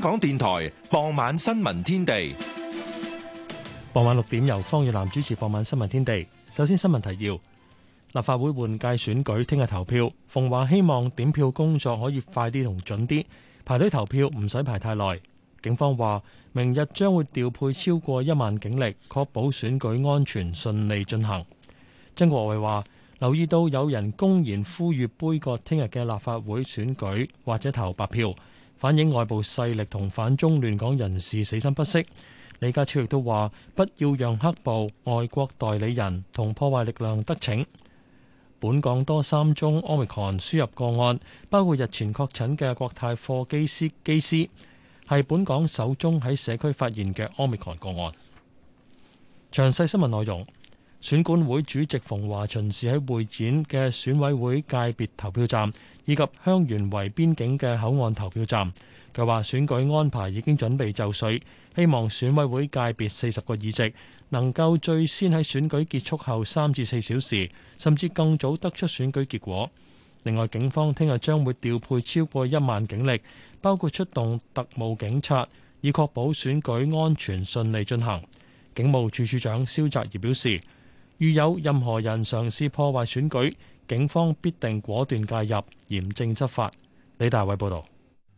香港電台傍晚新聞天地，傍晚六點由方月南主持。傍晚新聞天，天地，首先新聞提要：立法會換屆選舉聽日投票，馮華希望點票工作可以快啲同準啲，排隊投票唔使排太耐。警方話，明日將會調配超過一萬警力，確保選舉安全順利進行。曾國衛話：留意到有人公然呼籲杯葛聽日嘅立法會選舉，或者投白票。反映外部勢力同反中亂港人士死心不息，李家超亦都話：不要讓黑暴、外國代理人同破壞力量得逞。本港多三宗 Omicron 輸入個案，包括日前確診嘅國泰貨機司機師，係本港首宗喺社區發現嘅 Omicron 個案。詳細新聞內容。選管會主席馮驊巡視喺會展嘅選委會界別投票站以及香園圍邊境嘅口岸投票站，佢話選舉安排已經準備就緒，希望選委會界別四十個議席能夠最先喺選舉結束後三至四小時，甚至更早得出選舉結果。另外，警方聽日將會調配超過一萬警力，包括出動特務警察，以確保選舉安全順利進行。警務處處長蕭澤頤表示。遇有任何人嘗試破壞選舉，警方必定果斷介入，嚴正執法。李大偉報道。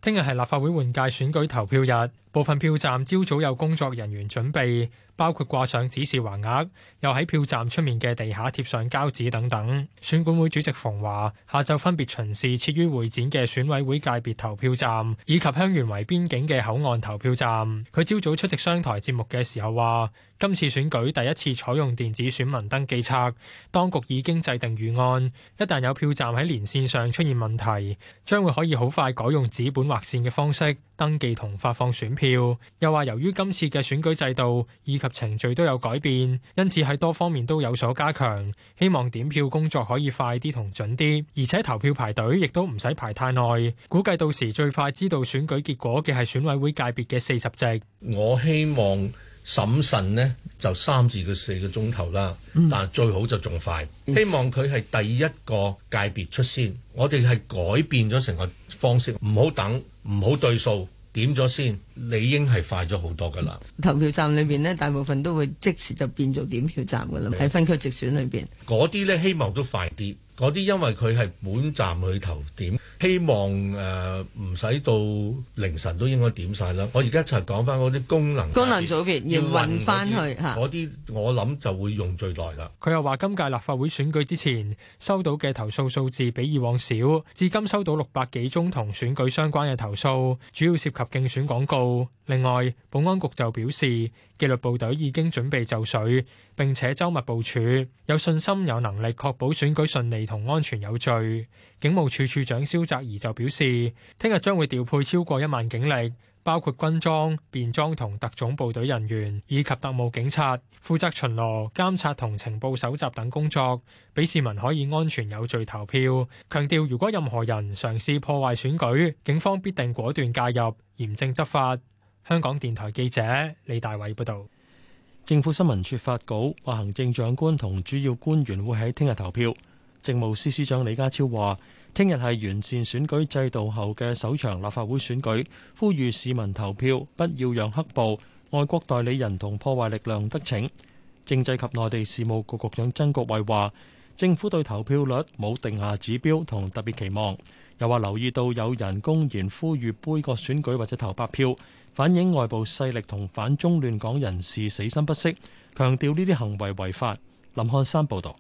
聽日係立法會換屆選舉投票日。部分票站朝早有工作人員準備，包括掛上指示橫額，又喺票站出面嘅地下貼上膠紙等等。選管會主席馮華下晝分別巡視設於會展嘅選委會界別投票站，以及香園圍邊境嘅口岸投票站。佢朝早出席商台節目嘅時候話，今次選舉第一次採用電子選民登記冊，當局已經制定預案，一旦有票站喺連線上出現問題，將會可以好快改用紙本劃線嘅方式登記同發放選票。票又話，由於今次嘅選舉制度以及程序都有改變，因此喺多方面都有所加強。希望點票工作可以快啲同準啲，而且投票排隊亦都唔使排太耐。估計到時最快知道選舉結果嘅係選委會界別嘅四十席。我希望審慎呢就三至到四個鐘頭啦，但最好就仲快。希望佢係第一個界別出先。我哋係改變咗成個方式，唔好等，唔好對數。點咗先，理應係快咗好多噶啦。投票站裏邊呢，大部分都會即時就變做點票站噶啦，喺的分區直選裏邊，嗰啲呢希望都快啲。嗰啲因為佢係本站去投點，希望誒唔使到凌晨都應該點晒啦。我而家一齊講翻嗰啲功能功能組別要運翻去嚇嗰啲，啊、我諗就會用最耐啦。佢又話，今屆立法會選舉之前收到嘅投訴數字比以往少，至今收到六百幾宗同選舉相關嘅投訴，主要涉及競選廣告。另外，保安局就表示。紀律部隊已經準備就緒，並且周密部署，有信心有能力確保選舉順利同安全有序。警務處處，處長蕭澤頤就表示，聽日將會調配超過一萬警力，包括軍裝、便裝同特種部隊人員以及特務警察，負責巡邏、監察同情報搜集等工作，俾市民可以安全有序投票。強調如果任何人嘗試破壞選舉，警方必定果斷介入，嚴正執法。香港電台記者李大偉報道，政府新聞處發稿話，行政長官同主要官員會喺聽日投票。政務司司長李家超話，聽日係完善選舉制度後嘅首場立法會選舉，呼籲市民投票，不要讓黑暴、外國代理人同破壞力量得逞。政制及內地事務局局長曾國衛話，政府對投票率冇定下指標同特別期望，又話留意到有人公然呼籲杯葛選舉或者投白票。反映外部勢力同反中亂港人士死心不息，強調呢啲行為違法。林漢山報導，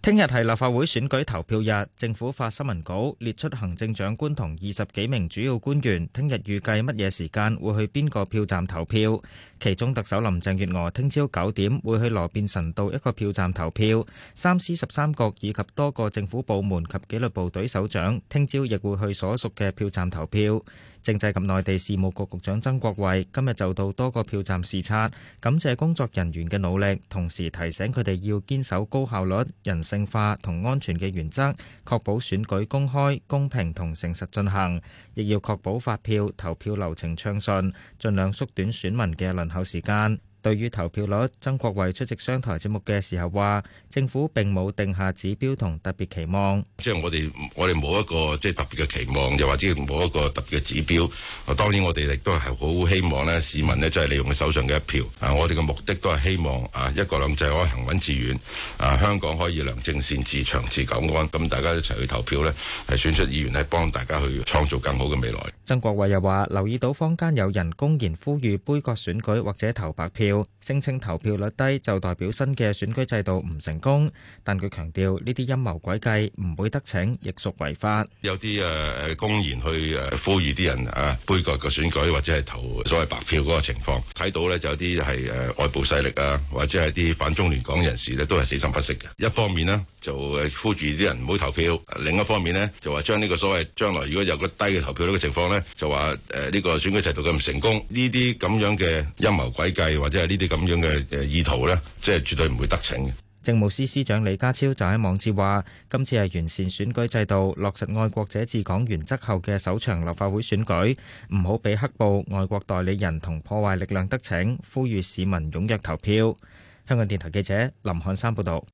聽日係立法會選舉投票日，政府發新聞稿列出行政長官同二十幾名主要官員，聽日預計乜嘢時間會去邊個票站投票。其中特首林鄭月娥聽朝九點會去羅便臣道一個票站投票，三司十三局以及多個政府部門及紀律部隊首長聽朝亦會去所屬嘅票站投票。政制及內地事務局局長曾國衛今日就到多個票站視察，感謝工作人員嘅努力，同時提醒佢哋要堅守高效率、人性化同安全嘅原則，確保選舉公開、公平同誠實進行，亦要確保發票投票流程暢順，盡量縮短選民嘅輪候時間。對於投票率，曾國衛出席商台節目嘅時候話：政府並冇定下指標同特別期望，即係我哋我哋冇一個即係特別嘅期望，又或者冇一個特別嘅指標。當然我哋亦都係好希望咧，市民咧即係利用佢手上嘅一票。啊，我哋嘅目的都係希望啊，一國兩制可以行穩致遠，啊，香港可以良政善治、長治久安。咁大家一齊去投票呢係選出議員咧，幫大家去創造更好嘅未來。曾國衛又話：留意到坊間有人公然呼籲杯葛選舉或者投白票，聲稱投票率低就代表新嘅選舉制度唔成功。但佢強調呢啲陰謀詭計唔會得逞，亦屬違法。有啲誒誒，公然去誒呼籲啲人啊杯葛個選舉或者係投所謂白票嗰個情況，睇到咧就有啲係誒外部勢力啊，或者係啲反中亂港人士咧都係死心不息嘅。一方面咧就誒呼籲啲人唔好投票，另一方面咧就話將呢個所謂將來如果有個低嘅投票率呢個情況。就話誒，呢個選舉制度咁成功，呢啲咁樣嘅陰謀詭計或者係呢啲咁樣嘅誒意圖咧，即係絕對唔會得逞嘅。政務司司長李家超就喺網誌話，今次係完善選舉制度落實愛國者治港原則後嘅首場立法會選舉，唔好俾黑暴、外國代理人同破壞力量得逞，呼籲市民踴躍投票。香港電台記者林漢山報道。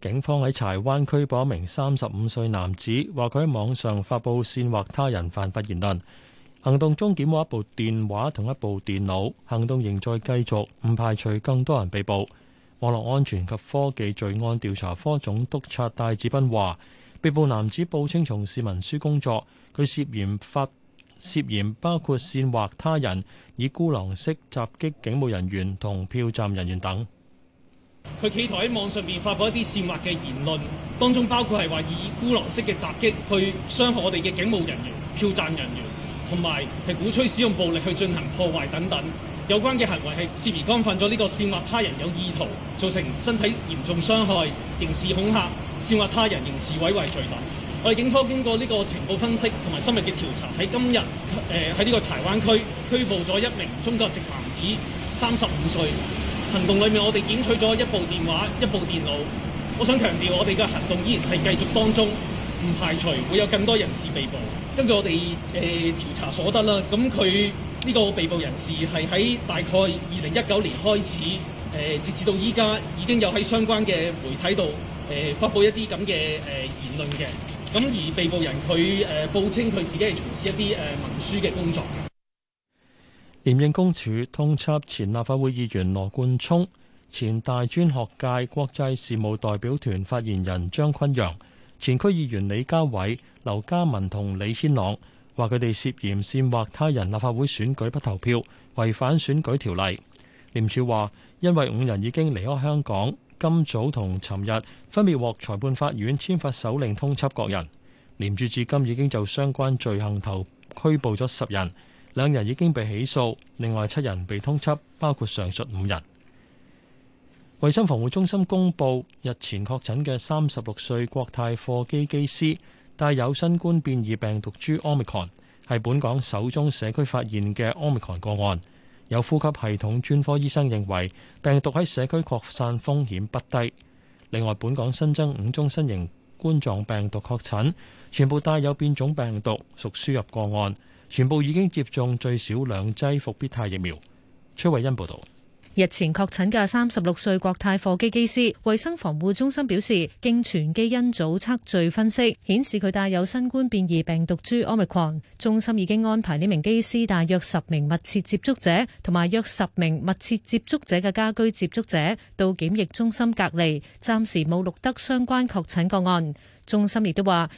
警方喺柴灣區拘捕一名三十五歲男子，話佢喺網上發布煽惑他人犯法言論。行動中檢獲一部電話同一部電腦。行動仍在繼續，唔排除更多人被捕。網絡安全及科技罪案調查科總督察戴志斌話：被捕男子報稱從事文書工作，佢涉嫌發涉嫌包括煽惑他人、以孤狼式襲擊警務人員同票站人員等。佢企圖喺網上面發布一啲煽惑嘅言論，當中包括係話以孤狼式嘅襲擊去傷害我哋嘅警務人員、票站人員，同埋係鼓吹使用暴力去進行破壞等等。有關嘅行為係涉嫌干犯咗呢個煽惑他人有意圖造成身體嚴重傷害、刑事恐嚇、煽惑他人刑事毀壞罪。我哋警方經過呢個情報分析同埋深入嘅調查，喺今日誒喺呢個柴灣區拘捕咗一名中國籍男子，三十五歲。行動裏面，我哋檢取咗一部電話、一部電腦。我想強調，我哋嘅行動依然係繼續當中，唔排除會有更多人士被捕。根據我哋誒、呃、調查所得啦，咁佢呢個被捕人士係喺大概二零一九年開始誒、呃，截至到依家已經有喺相關嘅媒體度誒、呃、發布一啲咁嘅誒言論嘅。咁而被捕人佢誒、呃、報稱佢自己係從事一啲誒、呃、文書嘅工作嘅。廉政公署通緝前立法會議員羅冠聰、前大專學界國際事務代表團發言人張崑陽、前區議員李家偉、劉家文同李軒朗，話佢哋涉嫌煽惑他人立法會選舉不投票，違反選舉條例。廉署話，因為五人已經離開香港，今早同尋日分別獲裁判法院簽發手令通緝各人。廉署至今已經就相關罪行頭拘捕咗十人。兩人已經被起訴，另外七人被通緝，包括上述五人。衞生防護中心公布，日前確診嘅三十六歲國泰貨機機師帶有新冠變異病毒株 Omicron，係本港首宗社區發現嘅 Omicron 個案。有呼吸系統專科醫生認為，病毒喺社區擴散風險不低。另外，本港新增五宗新型冠狀病毒確診，全部帶有變種病毒，屬輸入個案。全部已經接種最少兩劑復必泰疫苗。崔慧欣報道，日前確診嘅三十六歲國泰貨機機師，衛生防護中心表示，經全基因組測序分析，顯示佢帶有新冠變異病毒株 Omicron。中心已經安排呢名機師大約十名密切接觸者，同埋約十名密切接觸者嘅家居接觸者到檢疫中心隔離，暫時冇錄得相關確診個案。中心亦都話，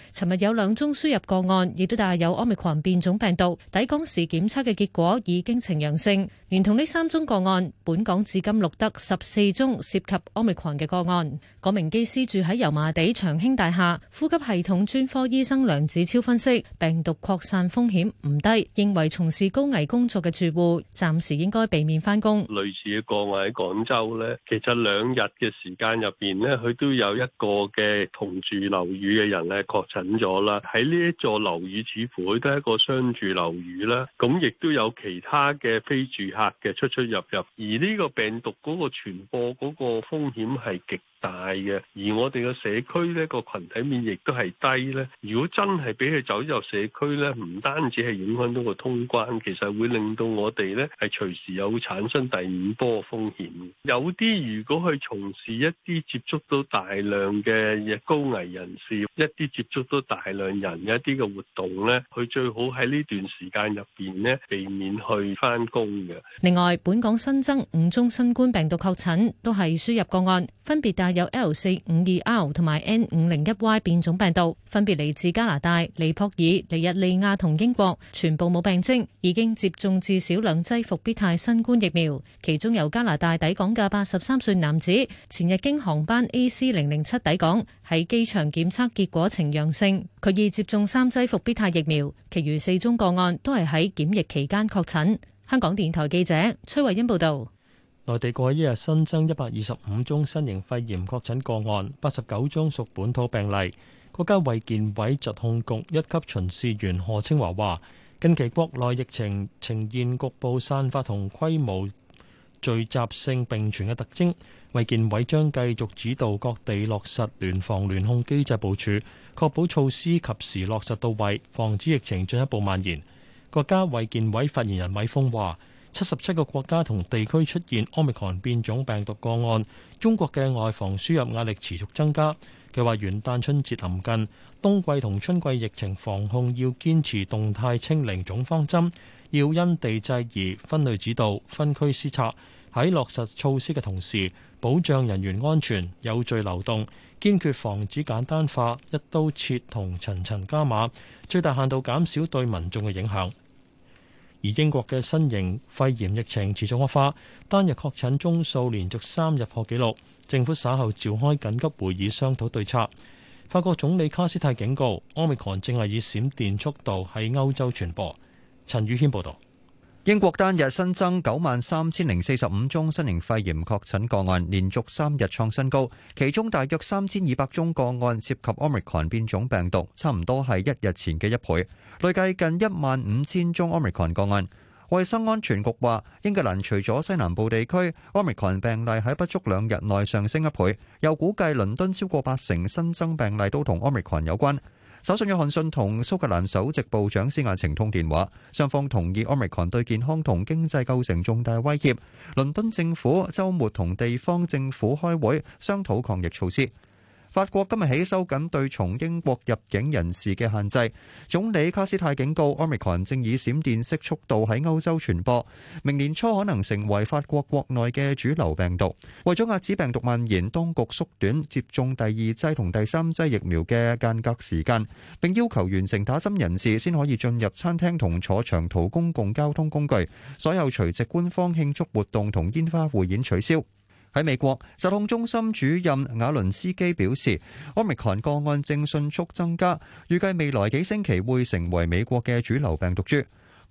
雨嘅人咧確診咗啦，喺呢一座樓宇似乎佢都係一個商住樓宇啦，咁亦都有其他嘅非住客嘅出出入入，而呢個病毒嗰個傳播嗰個風險係極大嘅，而我哋嘅社區咧個群體免疫都係低咧。如果真係俾佢走入社區咧，唔單止係影響到個通關，其實會令到我哋咧，係隨時有產生第五波風險，有啲如果去從事一啲接觸到大量嘅高危人士，一啲接觸到大量人一啲嘅活動咧，佢最好喺呢段時間入邊咧，避免去翻工嘅。另外，本港新增五宗新冠病毒確診都係輸入個案。分別帶有 L 四五二 R 同埋 N 五零一 Y 變種病毒，分別嚟自加拿大、尼泊爾、尼日利亞同英國，全部冇病徵，已經接種至少兩劑復必泰新冠疫苗。其中由加拿大抵港嘅八十三歲男子，前日經航班 A C 零零七抵港，喺機場檢測結果呈陽性，佢已接種三劑復必泰疫苗。其餘四宗個案都係喺檢疫期間確診。香港電台記者崔慧欣報道。內地過去一日新增一百二十五宗新型肺炎確診個案，八十九宗屬本土病例。國家衛健委疾控局一級巡視員賀青華話，近期國內疫情呈現局部散發同規模聚集性並存嘅特徵。衛健委將繼續指導各地落實聯防聯控機制部署，確保措施及時落實到位，防止疫情進一步蔓延。國家衛健委發言人米鋒話。七十七個國家同地區出現奧密克戎變種病毒個案，中國嘅外防輸入壓力持續增加。佢話：元旦春節臨近，冬季同春季疫情防控要堅持動態清零總方針，要因地制宜、分類指導、分區施策，喺落實措施嘅同時，保障人員安全、有序流動，堅決防止簡單化、一刀切同層層加碼，最大限度減少對民眾嘅影響。而英國嘅新型肺炎疫情持續惡化，單日確診宗數連續三日破紀錄。政府稍後召開緊急會議商討對策。法國總理卡斯泰警告，奧密克戎正係以閃電速度喺歐洲傳播。陳宇軒報導。英國單日新增九萬三千零四十五宗新型肺炎確診個案，連續三日創新高。其中大約三千二百宗個案涉及 Omicron 變種病毒，差唔多係一日前嘅一倍，累計近一萬五千宗 Omicron 個案。衛生安全局話，英格蘭除咗西南部地區，Omicron 病例喺不足兩日內上升一倍，又估計倫敦超過八成新增病例都同 Omicron 有關。首相約翰遜同蘇格蘭首席部長施雅晴通電話，雙方同意法國今日起收緊對從英國入境人士嘅限制。總理卡斯泰警告，Omicron 正以閃電式速度喺歐洲傳播，明年初可能成為法國國內嘅主流病毒。為咗遏止病毒蔓延，當局縮短接種第二劑同第三劑疫苗嘅間隔時間，並要求完成打針人士先可以進入餐廳同坐長途公共交通工具，所有除夕官方慶祝活動同煙花匯演取消。喺美國，疾控中心主任亞倫斯基表示，Omicron 個案正迅速增加，預計未來幾星期會成為美國嘅主流病毒株。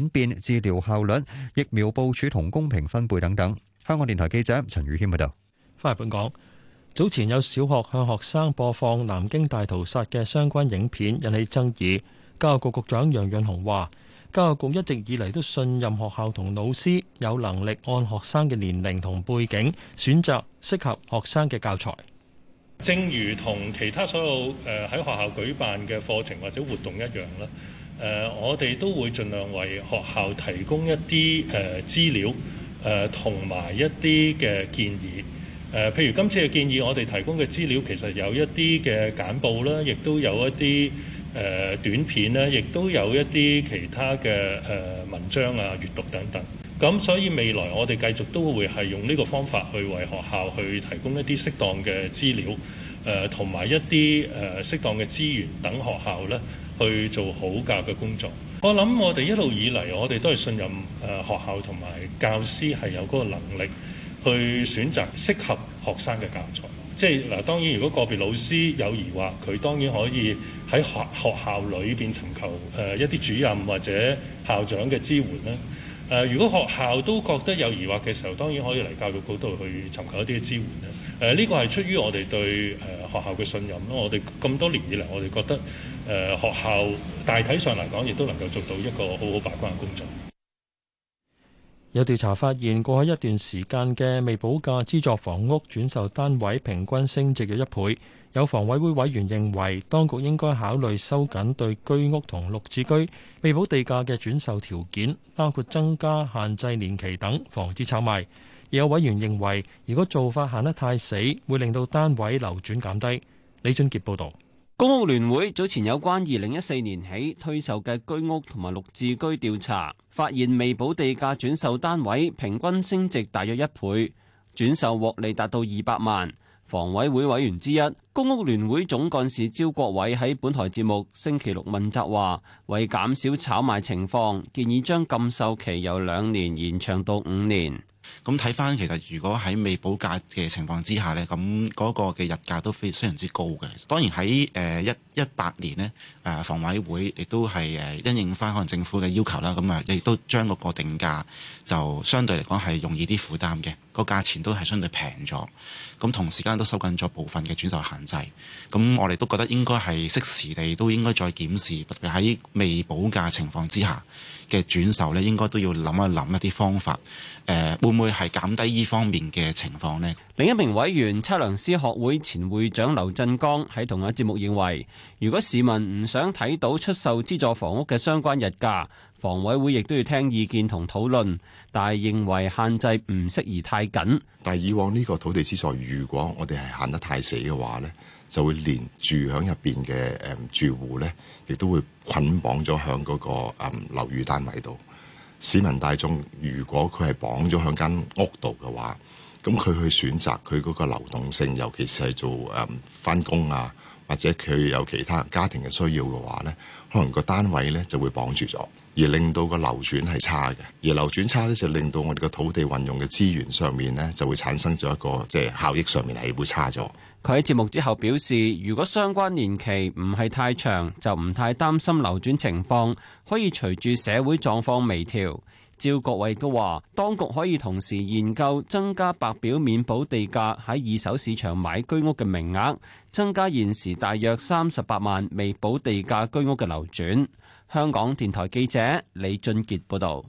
演變、治療效率、疫苗部署同公平分配等等。香港電台記者陳宇謙報道。翻嚟本港，早前有小學向學生播放南京大屠殺嘅相關影片，引起爭議。教育局局長楊潤雄話，教育局一直以嚟都信任學校同老師有能力按學生嘅年齡同背景選擇適合學生嘅教材。正如同其他所有誒喺學校舉辦嘅課程或者活動一樣啦。誒、呃，我哋都會盡量為學校提供一啲誒資料，誒同埋一啲嘅建議。誒、呃，譬如今次嘅建議，我哋提供嘅資料其實有一啲嘅簡報啦，亦都有一啲誒、呃、短片啦，亦都有一啲其他嘅誒、呃、文章啊、閱讀等等。咁、呃、所以未來我哋繼續都會係用呢個方法去為學校去提供一啲適當嘅資料，誒同埋一啲誒適當嘅資源，等學校咧。去做好教嘅工作。我諗我哋一路以嚟，我哋都係信任誒、呃、學校同埋教師係有嗰個能力去選擇適合學生嘅教材。即係嗱、呃，當然如果個別老師有疑惑，佢當然可以喺學學校裏邊尋求誒、呃、一啲主任或者校長嘅支援啦。誒、呃，如果學校都覺得有疑惑嘅時候，當然可以嚟教育局度去尋求一啲嘅支援啦。誒、呃，呢、這個係出於我哋對誒、呃、學校嘅信任咯。我哋咁多年以嚟，我哋覺得。誒、學校大體上嚟講，亦都能夠做到一個好好把關嘅工作。有調查發現，過去一段時間嘅未補價資助房屋轉售單位平均升值約一倍。有房委會委員認為，當局應該考慮收緊對居屋同綠置居未補地價嘅轉售條件，包括增加限制年期等，防止炒賣。亦有委員認為，如果做法行得太死，會令到單位流轉減低。李俊傑報導。公屋聯會早前有關二零一四年起推售嘅居屋同埋綠置居調查，發現未補地價轉售單位平均升值大約一倍，轉售獲利達到二百萬。房委會委員之一、公屋聯會總幹事招國偉喺本台節目星期六問責話，為減少炒賣情況，建議將禁售期由兩年延長到五年。咁睇翻其實，如果喺未補價嘅情況之下呢，咁嗰個嘅日價都非非常之高嘅。當然喺誒一一八年呢，誒房委會亦都係誒因應翻可能政府嘅要求啦，咁啊亦都將嗰個定價就相對嚟講係容易啲負擔嘅，個價錢都係相對平咗。咁同時間都收緊咗部分嘅轉售限制，咁我哋都覺得應該係適時地都應該再檢視，特別喺未補價情況之下嘅轉售呢，應該都要諗一諗一啲方法，誒、呃、會唔會係減低呢方面嘅情況呢？另一名委員測量師學會前會長劉振江喺同一節目認為，如果市民唔想睇到出售資助房屋嘅相關日價。房委會亦都要聽意見同討論，但係認為限制唔適宜太緊。但係以往呢個土地資助，如果我哋係限得太死嘅話咧，就會連住響入邊嘅誒住戶咧，亦都會捆綁咗響嗰個誒樓宇單位度。市民大眾如果佢係綁咗響間屋度嘅話，咁佢去選擇佢嗰個流動性，尤其是係做誒翻工啊，或者佢有其他家庭嘅需要嘅話咧，可能個單位咧就會綁住咗。而令到個流轉係差嘅，而流轉差咧就令到我哋個土地運用嘅資源上面咧就會產生咗一個即係、就是、效益上面係會差咗。佢喺節目之後表示，如果相關年期唔係太長，就唔太擔心流轉情況，可以隨住社會狀況微調。趙國衞都話，當局可以同時研究增加白表免補地價喺二手市場買居屋嘅名額，增加現時大約三十八萬未補地價居屋嘅流轉。香港電台記者李俊杰報道：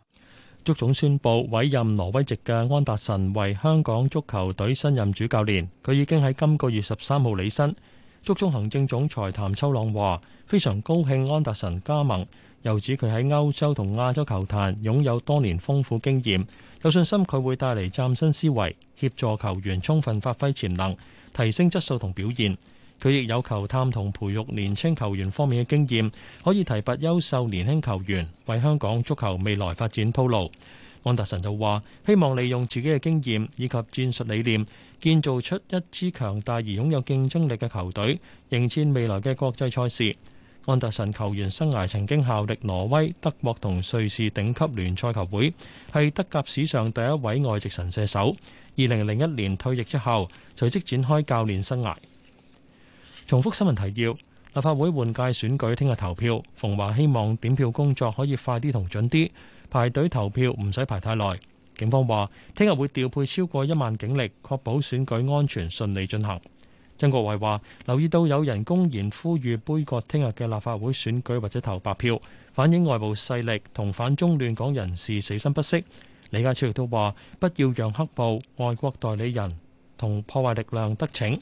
足總宣佈委任挪威籍嘅安達臣為香港足球隊新任主教練，佢已經喺今個月十三號履新，足總行政總裁譚秋朗話：非常高興安達臣加盟，又指佢喺歐洲同亞洲球壇擁有多年豐富經驗，有信心佢會帶嚟嶄新思維，協助球員充分發揮潛能，提升質素同表現。佢亦有球探同培育年輕球員方面嘅經驗，可以提拔優秀年輕球員，為香港足球未來發展鋪路。安達臣就話：希望利用自己嘅經驗以及戰術理念，建造出一支強大而擁有競爭力嘅球隊，迎戰未來嘅國際賽事。安達臣球員生涯曾經效力挪威、德國同瑞士頂級聯賽球會，係德甲史上第一位外籍神射手。二零零一年退役之後，隨即展開教練生涯。重複新聞提要：立法會換屆選舉聽日投票，馮華希望點票工作可以快啲同準啲，排隊投票唔使排太耐。警方話聽日會調配超過一萬警力，確保選舉安全順利進行。曾國衛話留意到有人公然呼籲杯葛聽日嘅立法會選舉或者投白票，反映外部勢力同反中亂港人士死心不息。李家超亦都話不要讓黑暴、外國代理人同破壞力量得逞。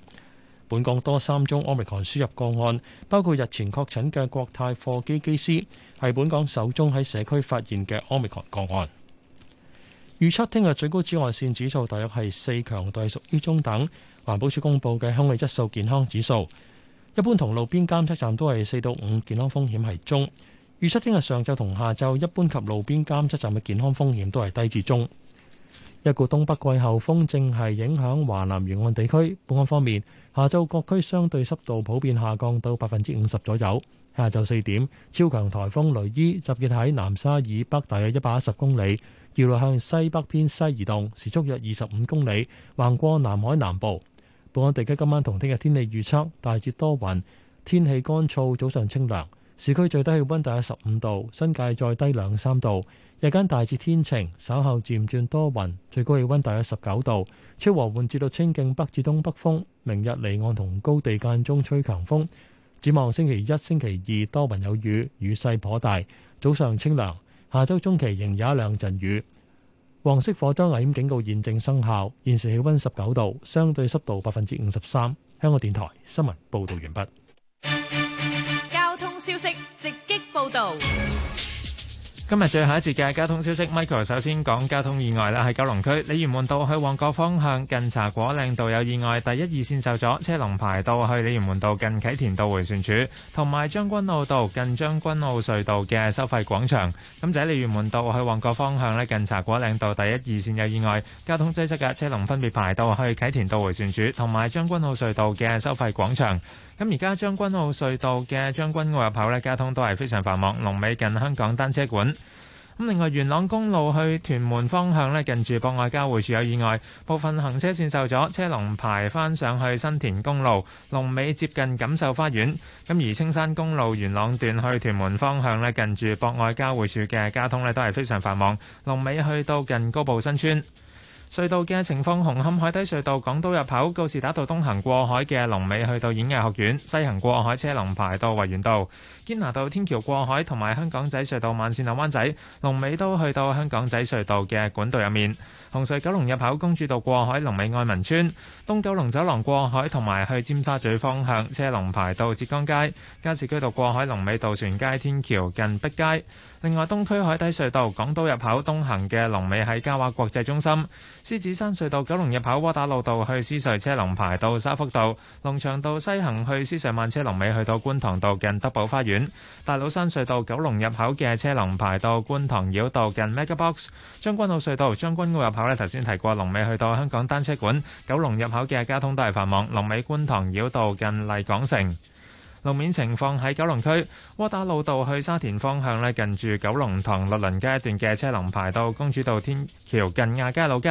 本港多三宗 Omicron 輸入個案，包括日前確診嘅國泰貨機機師，係本港首宗喺社區發現嘅 Omicron 個案。預測聽日最高紫外線指數大約係四，強度屬於中等。環保署公布嘅空氣質素健康指數，一般同路邊監測站都係四到五，健康風險係中。預測聽日上晝同下晝一般及路邊監測站嘅健康風險都係低至中。一股東北季候風正係影響華南沿岸地區，本港方面，下晝各區相對濕度，普遍下降到百分之五十左右。下晝四點，超強台風雷伊，集結喺南沙以北大約一百一十公里，原來向西北偏西移動，時速約二十五公里，橫過南海南部。本港地區今晚同聽日天氣預測，大致多雲，天氣乾燥，早上清涼，市區最低氣溫大約十五度，新界再低兩三度，日間大致天晴，稍後漸轉多雲，最高氣溫大約十九度，吹和緩至到清勁北至東北風。明日離岸同高地間中吹強風，展望星期一、星期二多雲有雨，雨勢頗大，早上清涼。下周中期仍有一兩陣雨。黃色火災危險警告現正生效，現時氣溫十九度，相對濕度百分之五十三。香港電台新聞報道完畢。交通消息直擊報道。今日最後一節嘅交通消息，Michael 首先講交通意外啦，喺九龍區，鯉魚門道去旺角方向，近茶果嶺道有意外，第一二線受阻，車龍排到去鯉魚門道近啟田道迴旋處，同埋將軍澳道近將軍澳隧道嘅收費廣場。咁就喺鯉魚門道去旺角方向呢，近茶果嶺道第一二線有意外，交通擠塞嘅車龍分別排到去啟田道迴旋處，同埋將軍澳隧道嘅收費廣場。咁而家將軍澳隧道嘅將軍澳入口呢，交通都係非常繁忙。龍尾近香港單車館。咁另外元朗公路去屯門方向呢，近住博愛交匯處有意外，部分行車線受阻，車龍排翻上去新田公路，龍尾接近錦繡花園。咁而青山公路元朗段去屯門方向呢，近住博愛交匯處嘅交通呢都係非常繁忙，龍尾去到近高埗新村。隧道嘅情況，紅磡海底隧道港島入口告士打道東行過海嘅龍尾去到演藝學院，西行過海車龍排到維園道。堅拿道天橋過海、同埋香港仔隧道慢綫入灣仔，龍尾都去到香港仔隧道嘅管道入面。紅隧九龍入口公主道過海龍尾愛民村東九龍走廊過海同埋去尖沙咀方向車龍排到浙江街。加士居道過海龍尾渡船街天橋近碧街。另外東區海底隧道港島入口東行嘅龍尾喺嘉華國際中心。獅子山隧道九龍入口窩打老道去獅隧車龍排到沙福道。龍翔道西行去獅隧慢車龍尾去到觀塘道近德寶花園。大老山隧道九龍入口嘅車龍排到觀塘繞道近 Megabox。將軍澳隧道將軍澳入口咧，頭先提過龍尾去到香港單車館，九龍入口嘅交通都係繁忙，龍尾觀塘繞道近麗港城。路面情況喺九龍區窩打老道去沙田方向咧，近住九龍塘律倫街一段嘅車龍排到公主道天橋近亞皆老街。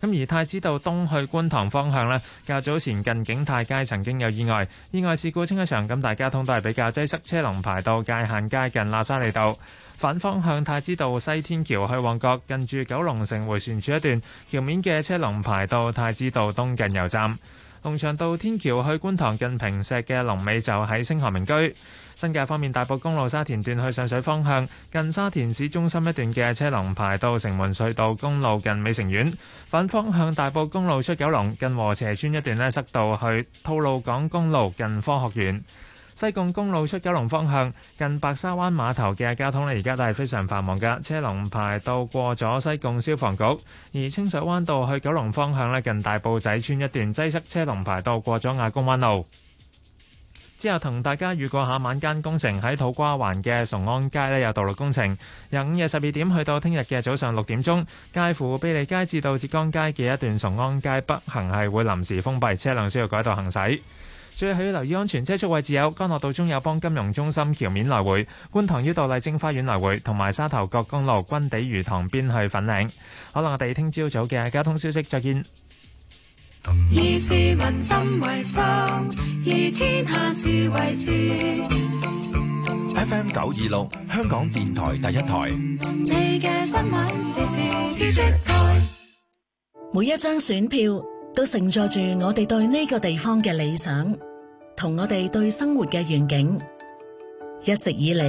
咁而太子道東去觀塘方向咧，較早前近景泰街曾經有意外，意外事故清一場，咁大交通都係比較擠塞，車龍排到界限街近喇沙利道。反方向太子道西天橋去旺角，近住九龍城迴旋處一段橋面嘅車龍排到太子道東近油站。龍翔道天橋去觀塘近坪石嘅龍尾就喺星河名居。新界方面，大埔公路沙田段去上水方向，近沙田市中心一段嘅車龍排到城門隧道公路近美城苑。反方向，大埔公路出九龍近禾輋邨一段呢，塞到去吐露港公路近科學園。西貢公路出九龍方向，近白沙灣碼頭嘅交通呢，而家都係非常繁忙㗎，車龍排到過咗西貢消防局。而清水灣道去九龍方向呢，近大埔仔村一段擠塞，車龍排到過咗亞公灣路。之後同大家預告下晚間工程，喺土瓜灣嘅崇安街呢，有道路工程，由午夜十二點去到聽日嘅早上六點鐘，介乎卑利街至到浙江街嘅一段崇安街北行係會臨時封閉，車輛需要改道行駛。最後要留意安全車速位置，有干諾道中友邦金融中心橋面來回、觀塘繞道麗晶花園來回、同埋沙頭角公路軍地魚塘邊去粉嶺。可能我哋聽朝早嘅交通消息，再見。以天下事為事 FM 九二六香港電台第一台。每一張選票都承載住我哋對呢個地方嘅理想。同我哋對生活嘅願景，一直以嚟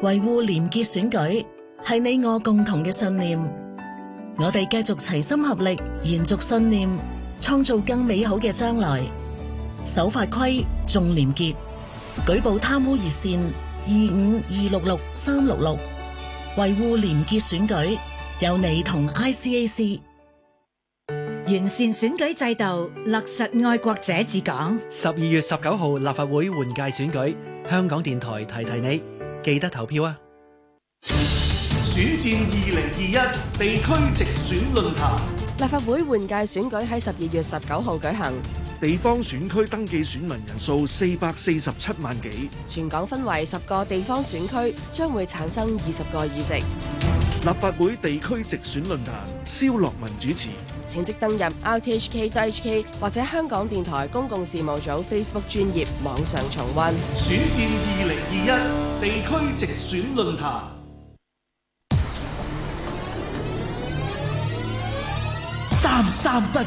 維護廉潔選舉係你我共同嘅信念。我哋繼續齊心合力，延續信念，創造更美好嘅將來。守法規，重廉潔，舉報貪污熱線二五二六六三六六，維護廉潔選舉，有你同 ICAC。完善選舉制度，落實愛國者治港。十二月十九號立法會換屆選舉，香港電台提提你，記得投票啊！選戰二零二一地區直選論壇，立法會換屆選舉喺十二月十九號舉行。地方選區登記選民人數四百四十七萬幾，全港分為十個地方選區，將會產生二十個議席。立法會地區直選論壇，蕭樂文主持。請即登入 RTHK.HK，或者香港電台公共事務組 Facebook 專業網上重溫，選戰二零二一地區直選論壇。三三不。